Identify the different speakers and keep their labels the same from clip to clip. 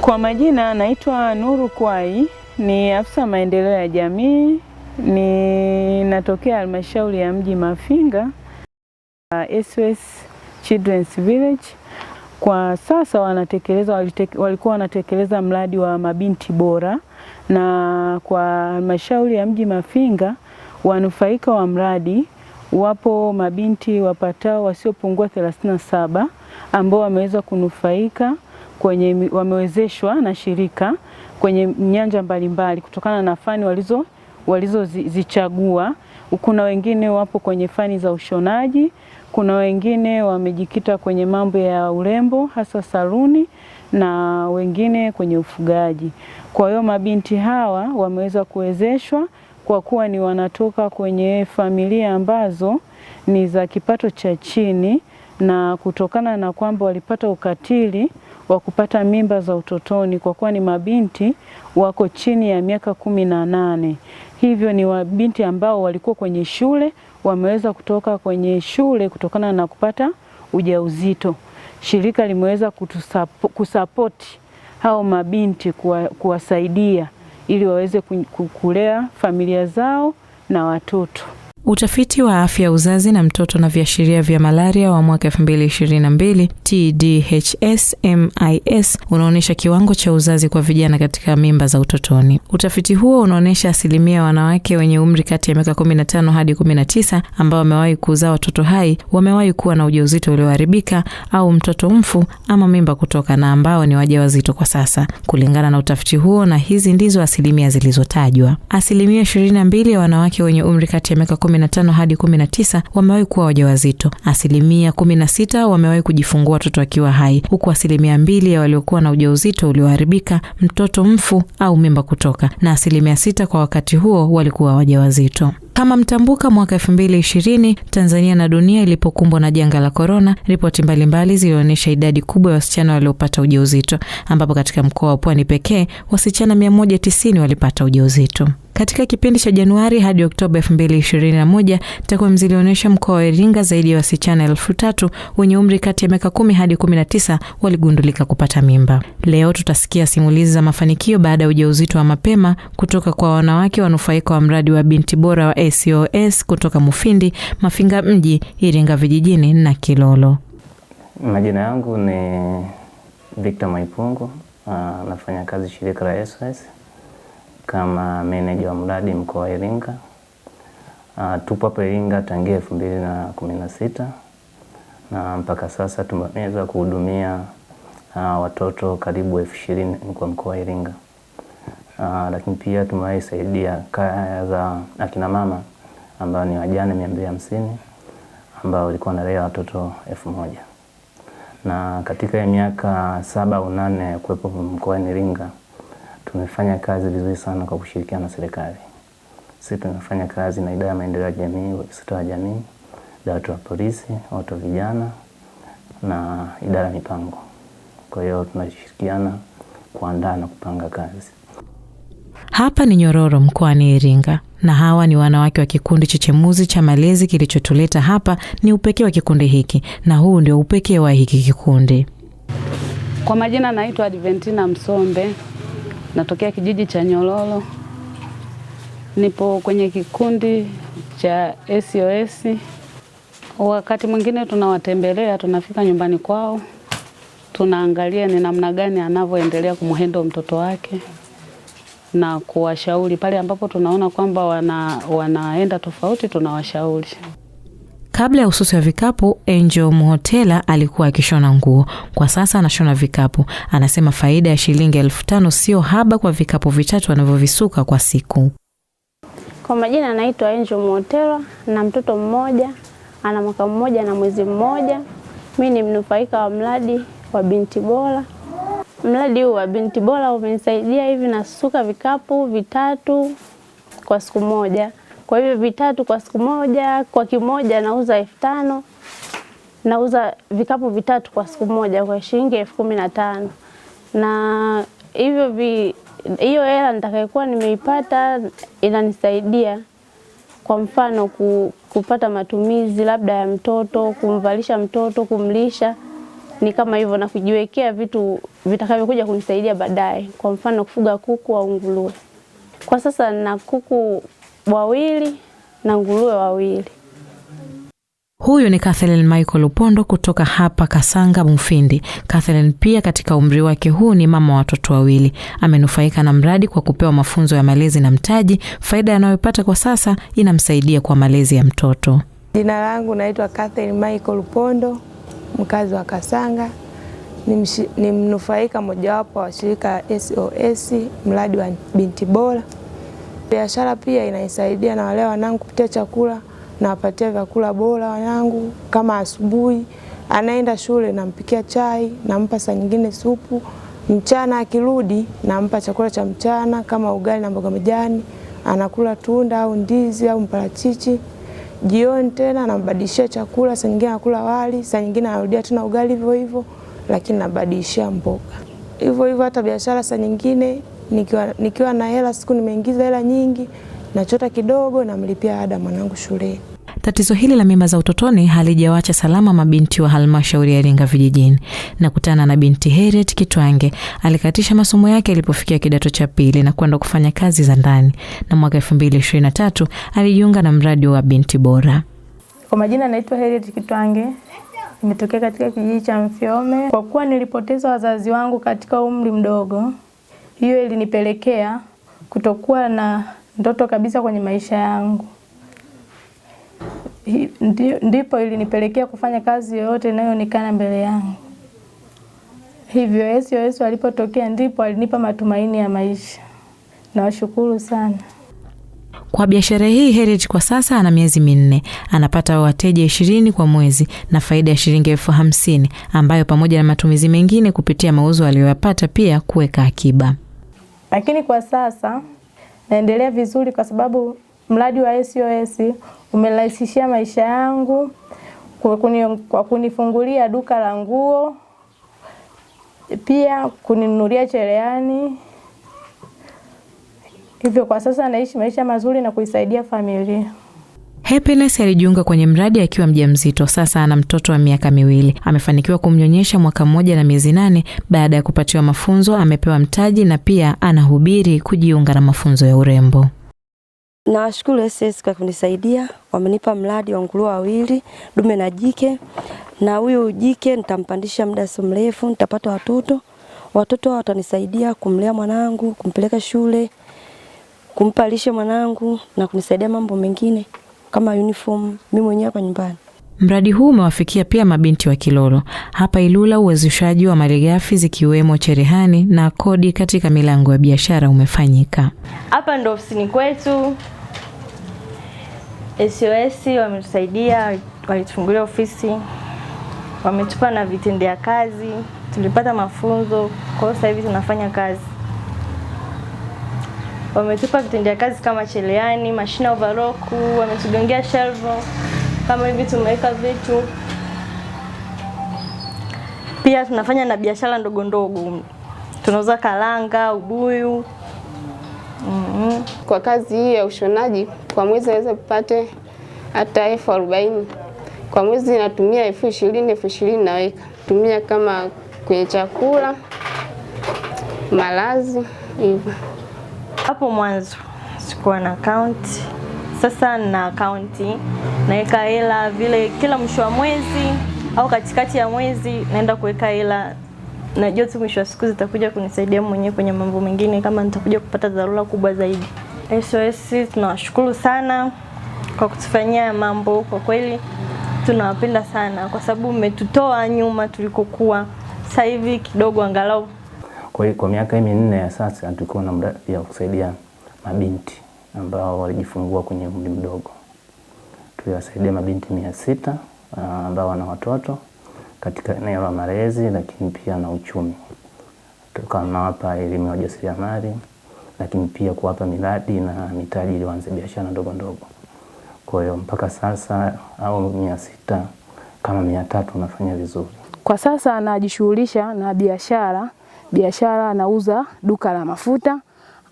Speaker 1: Kwa majina naitwa Nuru Kwai, ni afisa maendeleo ya jamii, ninatokea halmashauri ya mji Mafinga, SOS uh, Children's Village. Kwa sasa wanatekeleza, walikuwa wanatekeleza mradi wa mabinti bora, na kwa halmashauri ya mji Mafinga wanufaika wa mradi wapo mabinti wapatao wasiopungua 37 ambao wameweza kunufaika kwenye, wamewezeshwa na shirika kwenye nyanja mbalimbali kutokana na fani walizo walizozichagua. Kuna wengine wapo kwenye fani za ushonaji, kuna wengine wamejikita kwenye mambo ya urembo hasa saluni na wengine kwenye ufugaji. Kwa hiyo mabinti hawa wameweza kuwezeshwa kwa kuwa ni wanatoka kwenye familia ambazo ni za kipato cha chini, na kutokana na kwamba walipata ukatili wa kupata mimba za utotoni kwa kuwa ni mabinti wako chini ya miaka kumi na nane. Hivyo ni wabinti ambao walikuwa kwenye shule, wameweza kutoka kwenye shule kutokana na kupata ujauzito. Shirika limeweza kusapoti hao mabinti kuwa, kuwasaidia ili waweze kulea familia zao na watoto. Utafiti wa afya uzazi na mtoto na viashiria vya malaria wa mwaka 2022 tdhs unaonyesha kiwango cha uzazi kwa vijana katika mimba za utotoni. Utafiti huo unaonyesha asilimia ya wanawake wenye umri kati ya miaka 15 hadi 19 ambao wamewahi kuzaa watoto hai wamewahi kuwa na ujauzito ulioharibika au mtoto mfu ama mimba kutoka na ambao ni waja wazito kwa sasa, kulingana na utafiti huo, na hizi ndizo asilimia zilizotajwa: asilimia 22 ya wanawake wenye umri kati ya miaka 15 hadi 19 wamewahi kuwa wajawazito, asilimia 16 wamewahi kujifungua watoto wakiwa hai, huku asilimia mbili ya waliokuwa na ujauzito ulioharibika, mtoto mfu au mimba kutoka, na asilimia sita kwa wakati huo walikuwa wajawazito. Kama mtambuka, mwaka 2020 Tanzania na dunia ilipokumbwa na janga la korona, ripoti mbalimbali zilionyesha idadi kubwa ya wasichana waliopata ujauzito, ambapo katika mkoa wa Pwani pekee wasichana 190 walipata ujauzito. Katika kipindi cha Januari hadi Oktoba 2021, takwimu zilionyesha mkoa wa Iringa zaidi ya wasichana elfu tatu wenye umri kati ya miaka kumi hadi kumi na tisa waligundulika kupata mimba. Leo tutasikia simulizi za mafanikio baada ya ujauzito wa mapema kutoka kwa wanawake wanufaika wa mradi wa binti bora wa SOS kutoka Mufindi, Mafinga mji, Iringa vijijini na Kilolo.
Speaker 2: Majina yangu ni Victor Maipungu, uh, nafanya kazi shirika la SOS kama meneja wa mradi mkoa wa Iringa. Uh, tupo hapa Iringa tangia elfu mbili na kumi na sita na mpaka sasa tumeweza kuhudumia uh, watoto karibu elfu ishirini kwa mkoa wa Iringa. Uh, lakini pia tumewahi saidia kaya za akina mama ambao ni wajane mia mbili hamsini ambao walikuwa wanalea watoto elfu moja na katika miaka saba au nane ya kuwepo mkoani Iringa Tumefanya kazi vizuri sana kwa kushirikiana na serikali. Sisi tumefanya kazi na idara ya maendeleo ya jamii, ustawi wa jamii, dawati la polisi, watu wa vijana na idara ya mipango. Kwa hiyo tunashirikiana kuandaa na kupanga kazi.
Speaker 1: Hapa ni Nyororo mkoani Iringa na hawa ni wanawake wa kikundi chemuzi cha Malezi. Kilichotuleta hapa ni upekee wa kikundi hiki, na huu ndio upekee wa hiki kikundi.
Speaker 3: Kwa majina naitwa Adventina Msombe, Natokea kijiji cha Nyololo, nipo kwenye kikundi cha SOS. Wakati mwingine tunawatembelea, tunafika nyumbani kwao, tunaangalia ni namna gani anavyoendelea kumhendo mtoto wake na kuwashauri pale ambapo tunaona kwamba wana, wanaenda tofauti tunawashauri.
Speaker 1: Kabla ya ususi wa vikapu, Angel Mhotela alikuwa akishona nguo, kwa sasa anashona vikapu. Anasema faida ya shilingi elfu tano sio haba kwa vikapu vitatu anavyovisuka kwa siku.
Speaker 4: Kwa majina anaitwa Angel Mhotela na mtoto mmoja, ana mwaka mmoja na mwezi mmoja. Mi ni mnufaika wa mradi wa Binti Bora. Mradi huu wa Binti Bora umenisaidia hivi, nasuka vikapu vitatu kwa siku moja kwa hivyo vitatu kwa siku moja, kwa kimoja nauza elfu tano nauza vikapu vitatu kwa siku moja kwa shilingi elfu kumi na tano na hivyo vi hiyo hela nitakayokuwa nimeipata inanisaidia kwa mfano ku, kupata matumizi labda ya mtoto, kumvalisha mtoto, kumlisha, ni kama hivyo, na kujiwekea vitu vitakavyokuja kunisaidia baadaye, kwa mfano kufuga kuku au nguruwe. Kwa sasa na kuku wawili na nguruwe wawili.
Speaker 1: Huyu ni Kathleen Michael Upondo kutoka hapa Kasanga Mufindi. Kathleen pia katika umri wake huu ni mama wa watoto wawili. Amenufaika na mradi kwa kupewa mafunzo ya malezi na mtaji. Faida anayopata kwa sasa inamsaidia kwa malezi ya mtoto.
Speaker 5: Jina langu naitwa Kathleen Michael Upondo, mkazi wa Kasanga. Ni mnufaika mojawapo wa shirika SOS, mradi wa binti bora. Biashara pia inaisaidia na wale wanangu kupitia chakula, nawapatia vyakula bora wanangu. Kama asubuhi anaenda shule, nampikia chai, nampa saa nyingine supu. Mchana akirudi, nampa chakula cha mchana kama ugali na mboga majani, anakula tunda au ndizi au mparachichi. Jioni tena nambadilishia chakula, saa nyingine anakula wali, saa nyingine anarudia tena ugali hivyo hivyo, lakini nabadilishia mboga hivyo hivyo. Hata biashara saa nyingine nikiwa, nikiwa na hela siku nimeingiza hela nyingi, nachota kidogo, namlipia ada mwanangu shuleni.
Speaker 1: Tatizo hili la mimba za utotoni halijawacha salama mabinti wa halmashauri ya Iringa vijijini. Nakutana na binti heriet Kitwange alikatisha masomo yake alipofikia kidato cha pili na kwenda kufanya kazi za ndani, na mwaka 2023 alijiunga na mradi wa binti bora.
Speaker 6: Kwa majina naitwa heriet Kitwange, nimetokea katika kijiji cha Mfyome. Kwa kuwa nilipoteza wazazi wangu katika umri mdogo hiyo ilinipelekea kutokuwa na ndoto kabisa kwenye maisha yangu. ndipo ilinipelekea kufanya kazi yoyote inayoonekana mbele yangu. Hivyo Yesu Yesu alipotokea ndipo alinipa matumaini ya maisha. Nawashukuru sana
Speaker 1: kwa biashara hii. Heritage kwa sasa ana miezi minne, anapata wateja ishirini kwa mwezi na faida ya shilingi elfu hamsini ambayo pamoja na matumizi mengine kupitia mauzo aliyoyapata pia kuweka akiba.
Speaker 7: Lakini kwa sasa naendelea vizuri kwa sababu mradi wa SOS umerahisishia maisha yangu kwa kunifungulia duka la nguo, pia kuninunulia cherehani. Hivyo kwa sasa naishi maisha mazuri na kuisaidia familia.
Speaker 1: Happiness alijiunga kwenye mradi akiwa mjamzito. Sasa ana mtoto wa miaka miwili. Amefanikiwa kumnyonyesha mwaka mmoja na miezi nane. Baada ya kupatiwa mafunzo, amepewa mtaji na pia anahubiri kujiunga na mafunzo ya urembo.
Speaker 8: Nawashukuru SS kwa kunisaidia, wamenipa mradi wa nguruwe wawili dume na jike, na huyu jike nitampandisha muda si mrefu, nitapata watoto. Watoto watanisaidia kumlea mwanangu, kumpeleka shule, kumpa lishe mwanangu na kunisaidia mambo mengine kama uniform mimi mwenyewe hapa nyumbani.
Speaker 1: Mradi huu umewafikia pia mabinti wa Kilolo hapa Ilula. Uwezeshaji wa malighafi zikiwemo cherehani na kodi katika milango ya biashara umefanyika
Speaker 9: hapa. Ndo ofisini kwetu, SOS wametusaidia, walitufungulia ofisi, wametupa na vitendea kazi, tulipata mafunzo. Kwa sasa hivi tunafanya kazi wametupa vitendea kazi kama cheleani, mashina overlock, wametugongea shelvo kama hivi, tumeweka vitu. Pia tunafanya na biashara ndogo ndogo, tunauza karanga, ubuyu. mm -hmm. Kwa kazi hii ya ushonaji kwa mwezi naweza kupate hata elfu arobaini kwa mwezi, natumia elfu ishirini elfu ishirini naweka tumia kama kwenye chakula, malazi hivyo. Hapo mwanzo sikuwa na account, sasa na akaunti, naweka hela vile kila mwisho wa mwezi au katikati ya mwezi naenda kuweka hela. Najua tu mwisho wa siku zitakuja kunisaidia mwenyewe kwenye mambo mengine, kama nitakuja kupata dharura kubwa zaidi. SOS tunawashukuru sana kwa kutufanyia mambo, kwa kweli tunawapenda sana, kwa sababu mmetutoa nyuma tulikokuwa. Sasa hivi kidogo angalau
Speaker 10: kwa hiyo kwa miaka hii minne ya sasa tulikuwa na mradi ya kusaidia mabinti ambao walijifungua kwenye umri mdogo. Tuliwasaidia mabinti mia sita ah, ambao wana watoto katika eneo la malezi, lakini pia na uchumi. Tukanawapa elimu ya ujasiriamali, lakini pia kuwapa miradi na mitaji ili waanze biashara ndogo ndogo. Kwa hiyo mpaka sasa au mia sita kama mia tatu unafanya vizuri.
Speaker 11: Kwa sasa anajishughulisha na biashara biashara, anauza duka la mafuta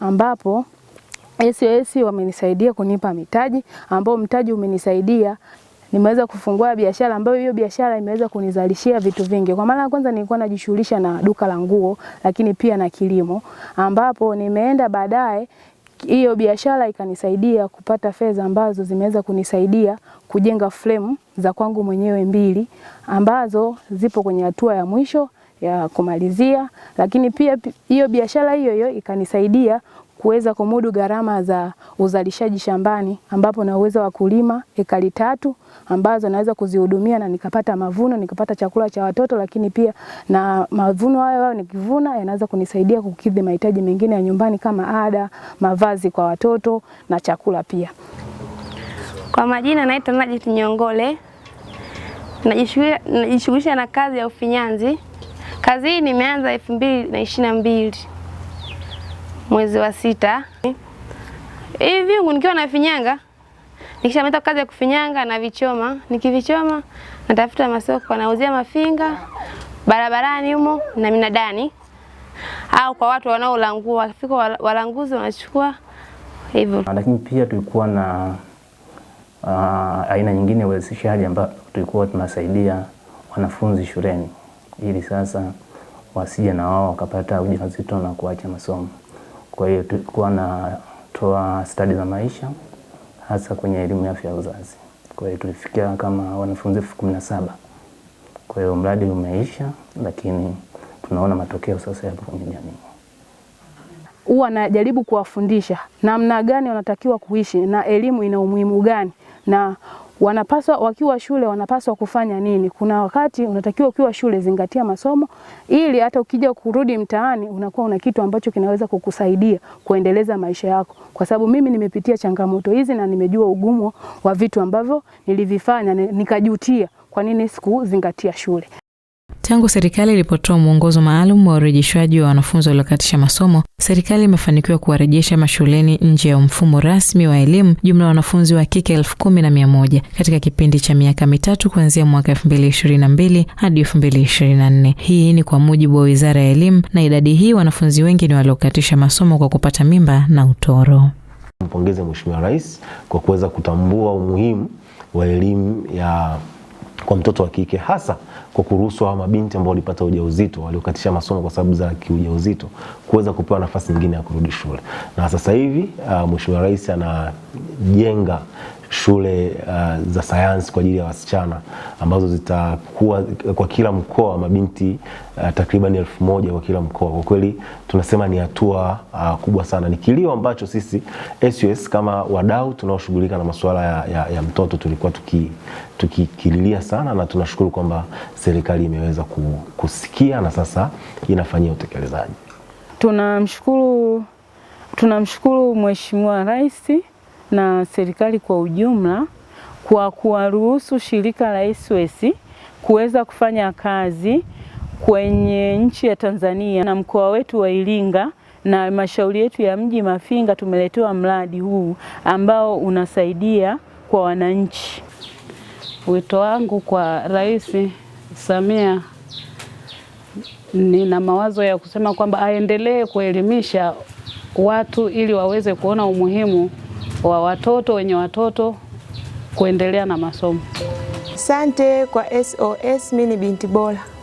Speaker 11: ambapo SOS wamenisaidia kunipa mitaji ambao mtaji umenisaidia nimeweza kufungua biashara ambayo hiyo biashara imeweza kunizalishia vitu vingi. Kwa mara ya kwanza nilikuwa najishughulisha na duka la nguo, lakini pia na kilimo, ambapo nimeenda baadaye hiyo biashara ikanisaidia kupata fedha ambazo zimeweza kunisaidia kujenga fremu za kwangu mwenyewe mbili ambazo zipo kwenye hatua ya mwisho ya kumalizia, lakini pia hiyo biashara hiyo hiyo ikanisaidia kuweza kumudu gharama za uzalishaji shambani, ambapo na uwezo wa kulima ekari tatu ambazo naweza kuzihudumia na nikapata mavuno, nikapata chakula cha watoto, lakini pia na mavuno hayo hayo nikivuna yanaweza kunisaidia kukidhi mahitaji mengine ya nyumbani kama ada, mavazi kwa watoto na chakula pia.
Speaker 12: Kwa majina naitwa Najit Nyongole, najishughulisha na kazi ya ufinyanzi. Kazi hii nimeanza elfu mbili na ishirini na mbili mwezi wa sita hivi vyungu nikiwa na finyanga, nikishamaliza kazi ya kufinyanga na vichoma, nikivichoma natafuta masoko, nauzia mafinga barabarani humo na minadani au kwa watu wanaolangua, wakifika walanguzi wanachukua hivyo.
Speaker 10: Lakini pia tulikuwa na uh, aina nyingine ya uwezeshaji ambayo tulikuwa tunasaidia wanafunzi shuleni ili sasa wasije na wao wakapata ujauzito na kuacha masomo. Kwa hiyo tulikuwa natoa stadi za maisha hasa kwenye elimu ya afya ya uzazi. Kwa hiyo tulifikia kama wanafunzi elfu kumi na saba. Kwa hiyo mradi umeisha, lakini tunaona matokeo sasa yapo kwenye jamii.
Speaker 11: Huwa anajaribu kuwafundisha namna gani wanatakiwa kuishi na elimu ina umuhimu gani na wanapaswa wakiwa shule wanapaswa kufanya nini. Kuna wakati unatakiwa ukiwa shule zingatia masomo, ili hata ukija kurudi mtaani unakuwa una kitu ambacho kinaweza kukusaidia kuendeleza maisha yako, kwa sababu mimi nimepitia changamoto hizi na nimejua ugumu wa vitu ambavyo nilivifanya nikajutia, kwa nini sikuzingatia shule.
Speaker 1: Tangu serikali ilipotoa mwongozo maalum wa urejeshwaji wa wanafunzi waliokatisha masomo, serikali imefanikiwa kuwarejesha mashuleni nje ya mfumo rasmi wa elimu jumla ya wanafunzi wa kike elfu kumi na mia moja katika kipindi cha miaka mitatu kuanzia mwaka elfu mbili ishirini na mbili hadi elfu mbili ishirini na nne. Hii ni kwa mujibu wa Wizara ya Elimu, na idadi hii wanafunzi wengi ni waliokatisha masomo kwa kupata mimba na utoro.
Speaker 13: Mpongeze Mheshimiwa Rais kwa kuweza kutambua umuhimu wa elimu ya kwa mtoto wa kike, hasa kwa kuruhusu hawa mabinti ambao walipata ujauzito waliokatisha masomo kwa sababu za kiujauzito kuweza kupewa nafasi nyingine ya kurudi shule. Na sasa hivi uh, Mheshimiwa Rais anajenga shule uh, za sayansi kwa ajili ya wasichana ambazo zitakuwa kwa kila mkoa mabinti uh, takriban elfu moja kwa kila mkoa. Kwa kweli tunasema ni hatua uh, kubwa sana, ni kilio ambacho sisi SUS kama wadau tunaoshughulika na masuala ya, ya, ya mtoto tulikuwa tukikililia tuki sana, na tunashukuru kwamba serikali imeweza kusikia na sasa inafanyia utekelezaji.
Speaker 3: Tunamshukuru tunamshukuru Mheshimiwa Rais na serikali kwa ujumla kwa kuwaruhusu shirika la SOS kuweza kufanya kazi kwenye nchi ya Tanzania na mkoa wetu wa Iringa na halmashauri yetu ya mji Mafinga tumeletewa mradi huu ambao unasaidia kwa wananchi. Wito wangu kwa Rais Samia, nina mawazo ya kusema kwamba aendelee kuelimisha watu ili waweze kuona umuhimu wa watoto wenye watoto kuendelea na masomo. Asante kwa SOS. Mimi ni binti bora.